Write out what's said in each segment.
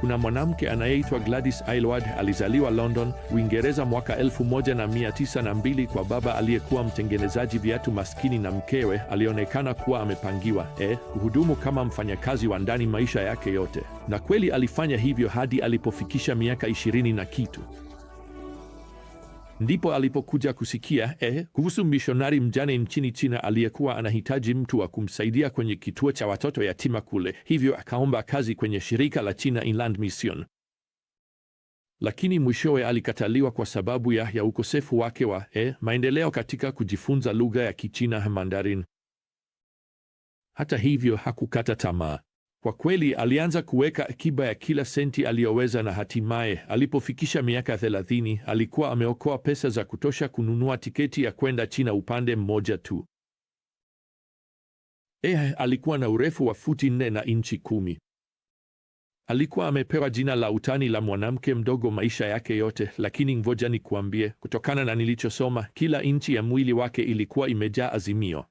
Kuna mwanamke anayeitwa Gladys Aylward alizaliwa London, Uingereza mwaka 1902 kwa baba aliyekuwa mtengenezaji viatu maskini na mkewe alionekana kuwa amepangiwa e, kuhudumu kama mfanyakazi wa ndani maisha yake yote, na kweli alifanya hivyo hadi alipofikisha miaka ishirini na kitu. Ndipo alipokuja kusikia eh, kuhusu mishonari mjane nchini China aliyekuwa anahitaji mtu wa kumsaidia kwenye kituo cha watoto yatima kule. Hivyo akaomba kazi kwenye shirika la China Inland Mission, lakini mwishowe alikataliwa kwa sababu ya, ya ukosefu wake wa eh, maendeleo katika kujifunza lugha ya Kichina Mandarin. Hata hivyo hakukata tamaa. Kwa kweli alianza kuweka akiba ya kila senti aliyoweza, na hatimaye alipofikisha miaka 30 alikuwa ameokoa pesa za kutosha kununua tiketi ya kwenda China upande mmoja tu. Eh, alikuwa na urefu wa futi nne na inchi kumi. Alikuwa amepewa jina la utani la mwanamke mdogo maisha yake yote, lakini ngoja nikuambie, kutokana na nilichosoma, kila inchi ya mwili wake ilikuwa imejaa azimio.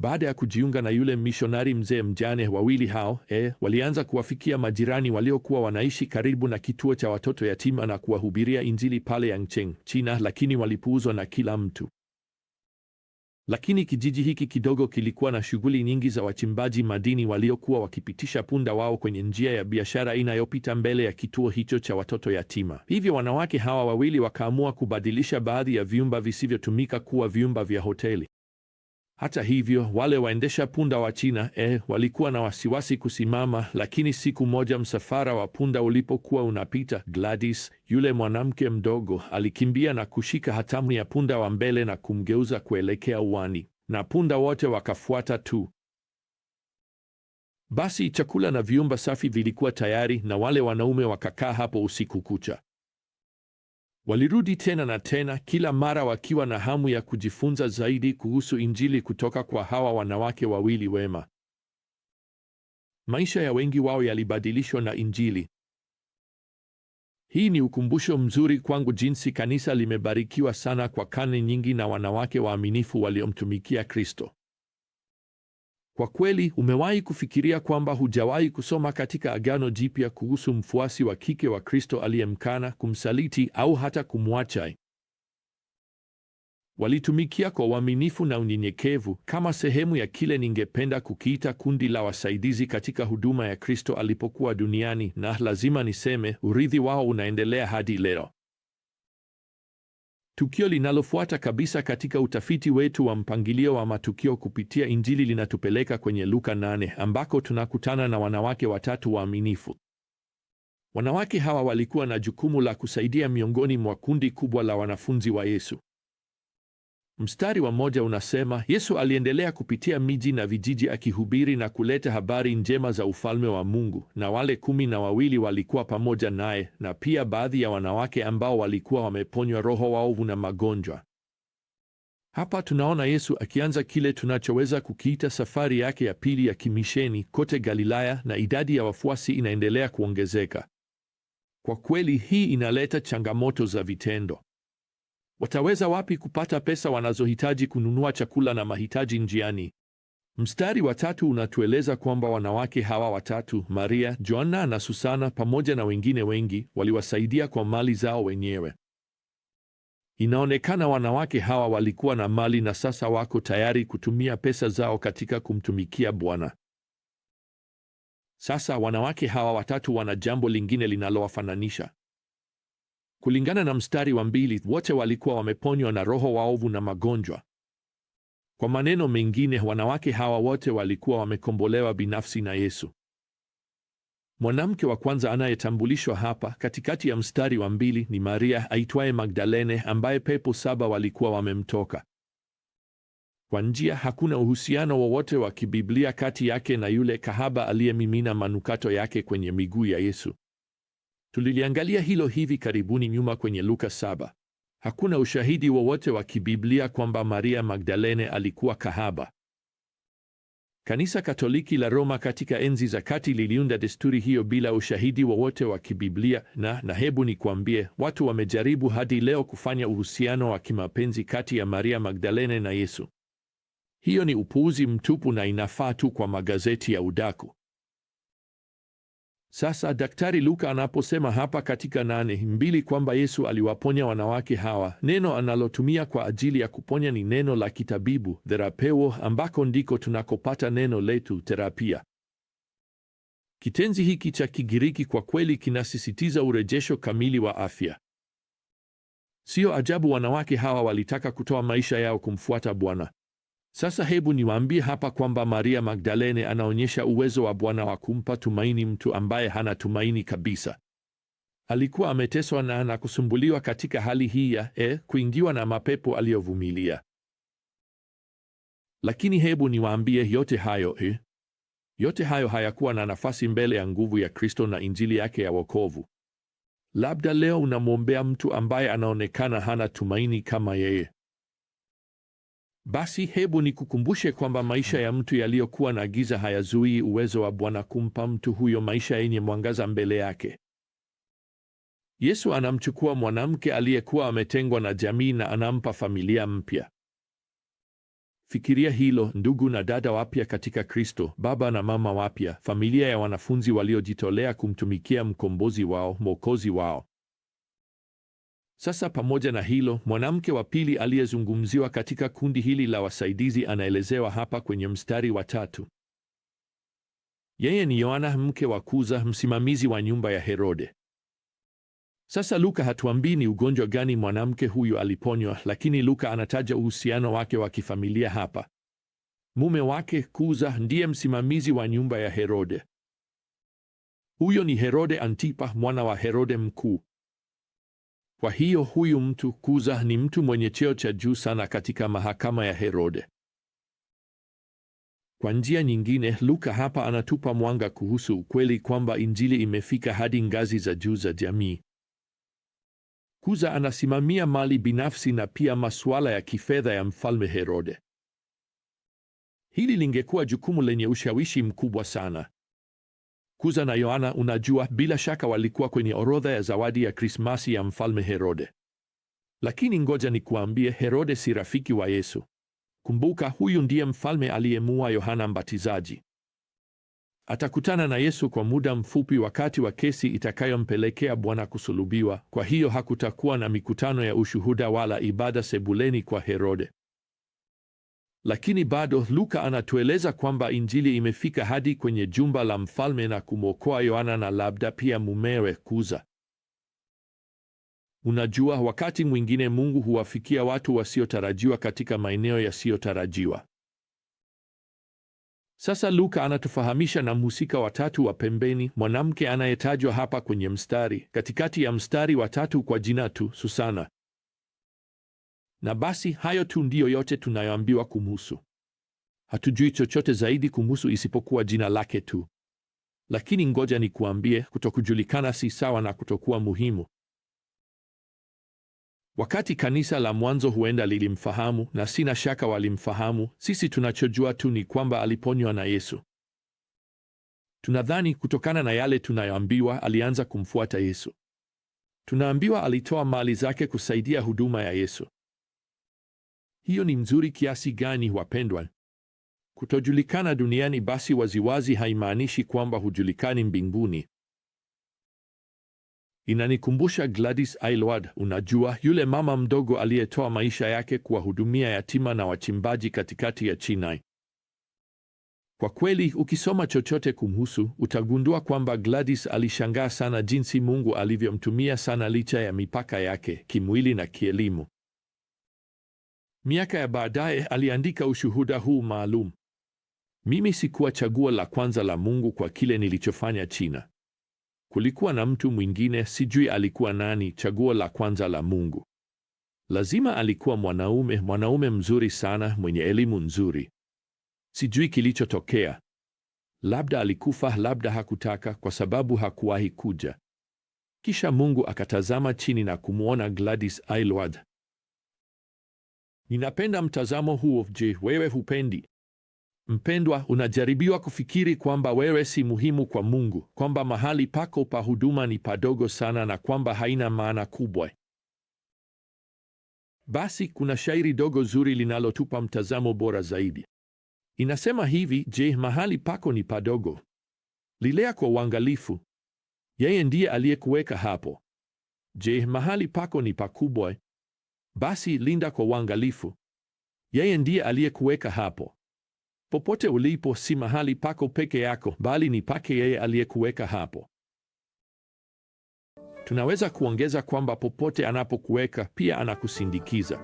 Baada ya kujiunga na yule mishonari mzee mjane, wawili hao e, walianza kuwafikia majirani waliokuwa wanaishi karibu na kituo cha watoto yatima na kuwahubiria Injili pale Yangcheng, China, lakini walipuuzwa na kila mtu. Lakini kijiji hiki kidogo kilikuwa na shughuli nyingi za wachimbaji madini waliokuwa wakipitisha punda wao kwenye njia ya biashara inayopita mbele ya kituo hicho cha watoto yatima. Hivyo wanawake hawa wawili wakaamua kubadilisha baadhi ya vyumba visivyotumika kuwa vyumba vya hoteli. Hata hivyo wale waendesha punda wa China eh, walikuwa na wasiwasi kusimama, lakini siku moja msafara wa punda ulipokuwa unapita, Gladys, yule mwanamke mdogo, alikimbia na kushika hatamu ya punda wa mbele na kumgeuza kuelekea uwani, na punda wote wakafuata tu. Basi chakula na viumba safi vilikuwa tayari, na wale wanaume wakakaa hapo usiku kucha. Walirudi tena na tena, kila mara wakiwa na hamu ya kujifunza zaidi kuhusu Injili kutoka kwa hawa wanawake wawili wema. Maisha ya wengi wao yalibadilishwa na Injili. Hii ni ukumbusho mzuri kwangu jinsi kanisa limebarikiwa sana kwa karne nyingi na wanawake waaminifu waliomtumikia Kristo. Kwa kweli, umewahi kufikiria kwamba hujawahi kusoma katika Agano Jipya kuhusu mfuasi wa kike wa Kristo aliyemkana, kumsaliti au hata kumwacha? Walitumikia kwa uaminifu na unyenyekevu kama sehemu ya kile ningependa kukiita kundi la wasaidizi katika huduma ya Kristo alipokuwa duniani, na lazima niseme, urithi wao unaendelea hadi leo. Tukio linalofuata kabisa katika utafiti wetu wa mpangilio wa matukio kupitia Injili linatupeleka kwenye Luka 8 ambako tunakutana na wanawake watatu waaminifu. Wanawake hawa walikuwa na jukumu la kusaidia miongoni mwa kundi kubwa la wanafunzi wa Yesu. Mstari wa moja unasema Yesu aliendelea kupitia miji na vijiji akihubiri na kuleta habari njema za ufalme wa Mungu, na wale kumi na wawili walikuwa pamoja naye, na pia baadhi ya wanawake ambao walikuwa wameponywa roho waovu na magonjwa. Hapa tunaona Yesu akianza kile tunachoweza kukiita safari yake ya pili ya kimisheni kote Galilaya, na idadi ya wafuasi inaendelea kuongezeka. Kwa kweli, hii inaleta changamoto za vitendo. Wataweza wapi kupata pesa wanazohitaji kununua chakula na mahitaji njiani? Mstari wa tatu unatueleza kwamba wanawake hawa watatu, Maria, Joana na Susana, pamoja na wengine wengi, waliwasaidia kwa mali zao wenyewe. Inaonekana wanawake hawa walikuwa na mali na sasa wako tayari kutumia pesa zao katika kumtumikia Bwana. Sasa wanawake hawa watatu wana jambo lingine linalowafananisha. Kulingana na mstari wa mbili, wote walikuwa wameponywa na roho waovu na magonjwa. Kwa maneno mengine, wanawake hawa wote walikuwa wamekombolewa binafsi na Yesu. Mwanamke wa kwanza anayetambulishwa hapa katikati ya mstari wa mbili ni Maria aitwaye Magdalene, ambaye pepo saba walikuwa wamemtoka. Kwa njia, hakuna uhusiano wowote wa, wa kibiblia kati yake na yule kahaba aliyemimina manukato yake kwenye miguu ya Yesu. Tuliliangalia hilo hivi karibuni nyuma kwenye Luka saba. Hakuna ushahidi wowote wa, kibiblia kwamba Maria Magdalene alikuwa kahaba. Kanisa Katoliki la Roma katika enzi za kati liliunda desturi hiyo bila ushahidi wowote wa kibiblia, na na hebu nikwambie, watu wamejaribu hadi leo kufanya uhusiano wa kimapenzi kati ya Maria Magdalene na Yesu. Hiyo ni upuuzi mtupu na inafaa tu kwa magazeti ya udaku. Sasa Daktari Luka anaposema hapa katika nane mbili kwamba Yesu aliwaponya wanawake hawa, neno analotumia kwa ajili ya kuponya ni neno la kitabibu therapewo ambako ndiko tunakopata neno letu terapia. Kitenzi hiki cha Kigiriki kwa kweli kinasisitiza urejesho kamili wa afya. Sio ajabu wanawake hawa walitaka kutoa maisha yao kumfuata Bwana. Sasa hebu niwaambie hapa kwamba Maria Magdalene anaonyesha uwezo wa Bwana wa kumpa tumaini mtu ambaye hana tumaini kabisa. Alikuwa ameteswa na na kusumbuliwa katika hali hii ya eh, kuingiwa na mapepo aliyovumilia. Lakini hebu niwaambie yote hayo eh, yote hayo hayakuwa na nafasi mbele ya nguvu ya Kristo na injili yake ya wokovu. Labda leo unamwombea mtu ambaye anaonekana hana tumaini kama yeye. Basi hebu nikukumbushe kwamba maisha ya mtu yaliyokuwa na giza hayazuii uwezo wa Bwana kumpa mtu huyo maisha yenye mwangaza mbele yake. Yesu anamchukua mwanamke aliyekuwa ametengwa na jamii na anampa familia mpya. Fikiria hilo, ndugu na dada wapya katika Kristo, baba na mama wapya, familia ya wanafunzi waliojitolea kumtumikia mkombozi wao, mwokozi wao. Sasa pamoja na hilo, mwanamke wa pili aliyezungumziwa katika kundi hili la wasaidizi anaelezewa hapa kwenye mstari wa tatu. Yeye ni Yohana mke wa Kuza, msimamizi wa nyumba ya Herode. Sasa Luka hatuambii ni ugonjwa gani mwanamke huyu aliponywa, lakini Luka anataja uhusiano wake wa kifamilia hapa. Mume wake Kuza ndiye msimamizi wa nyumba ya Herode. Huyo ni Herode Antipa, mwana wa Herode Mkuu. Kwa hiyo huyu mtu Kuza ni mtu mwenye cheo cha juu sana katika mahakama ya Herode. Kwa njia nyingine, Luka hapa anatupa mwanga kuhusu ukweli kwamba Injili imefika hadi ngazi za juu za jamii. Kuza anasimamia mali binafsi na pia masuala ya kifedha ya Mfalme Herode. Hili lingekuwa jukumu lenye ushawishi mkubwa sana Kuza na Yohana, unajua, bila shaka walikuwa kwenye orodha ya zawadi ya Krismasi ya Mfalme Herode. Lakini ngoja nikuambie, Herode si rafiki wa Yesu. Kumbuka, huyu ndiye mfalme aliyemua Yohana Mbatizaji. Atakutana na Yesu kwa muda mfupi wakati wa kesi itakayompelekea Bwana kusulubiwa. Kwa hiyo hakutakuwa na mikutano ya ushuhuda wala ibada sebuleni kwa Herode. Lakini bado Luka anatueleza kwamba Injili imefika hadi kwenye jumba la mfalme na kumwokoa Yohana na labda pia mumewe Kuza. Unajua, wakati mwingine Mungu huwafikia watu wasiotarajiwa katika maeneo yasiyotarajiwa. Sasa Luka anatufahamisha na mhusika wa tatu wa pembeni, mwanamke anayetajwa hapa kwenye mstari katikati ya mstari wa tatu kwa jina tu Susana. Na basi hayo tu ndiyo yote tunayoambiwa kumhusu. Hatujui chochote zaidi kumhusu isipokuwa jina lake tu. Lakini ngoja nikuambie, kutokujulikana si sawa na kutokuwa muhimu. Wakati kanisa la mwanzo huenda lilimfahamu, na sina shaka walimfahamu, sisi tunachojua tu ni kwamba aliponywa na Yesu. Tunadhani kutokana na yale tunayoambiwa, alianza kumfuata Yesu. Tunaambiwa alitoa mali zake kusaidia huduma ya Yesu. Hiyo ni mzuri kiasi gani, wapendwa? Kutojulikana duniani basi waziwazi haimaanishi kwamba hujulikani mbinguni. Inanikumbusha Gladys Aylward, unajua, yule mama mdogo aliyetoa maisha yake kuwahudumia yatima na wachimbaji katikati ya China. Kwa kweli, ukisoma chochote kumhusu, utagundua kwamba Gladys alishangaa sana jinsi Mungu alivyomtumia sana licha ya mipaka yake kimwili na kielimu. Miaka ya baadaye aliandika ushuhuda huu maalum: mimi sikuwa chaguo la kwanza la Mungu kwa kile nilichofanya China. Kulikuwa na mtu mwingine, sijui alikuwa nani, chaguo la kwanza la Mungu. Lazima alikuwa mwanaume, mwanaume mzuri sana, mwenye elimu nzuri. Sijui kilichotokea. Labda alikufa, labda hakutaka, kwa sababu hakuwahi kuja. Kisha Mungu akatazama chini na kumwona Gladys Aylward Ninapenda mtazamo huo. Je, wewe hupendi? Mpendwa, unajaribiwa kufikiri kwamba wewe si muhimu kwa Mungu, kwamba mahali pako pa huduma ni padogo sana na kwamba haina maana kubwa. Basi kuna shairi dogo zuri linalotupa mtazamo bora zaidi. Inasema hivi: Je, mahali pako ni padogo? Lilea kwa uangalifu. Yeye ndiye aliyekuweka hapo. Je, mahali pako ni pakubwa? Basi linda kwa uangalifu. Yeye ndiye aliyekuweka hapo. Popote ulipo, si mahali pako peke yako, bali ni pake yeye aliyekuweka hapo. Tunaweza kuongeza kwamba popote anapokuweka, pia anakusindikiza.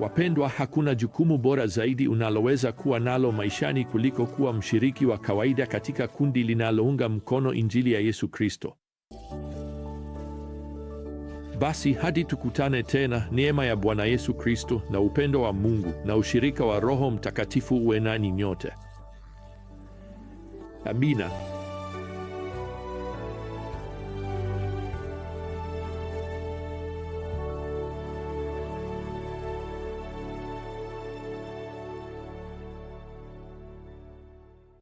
Wapendwa, hakuna jukumu bora zaidi unaloweza kuwa nalo maishani kuliko kuwa mshiriki wa kawaida katika kundi linalounga mkono Injili ya Yesu Kristo. Basi hadi tukutane tena, neema ya Bwana Yesu Kristo na upendo wa Mungu na ushirika wa Roho Mtakatifu uwe nanyi nyote. Amina.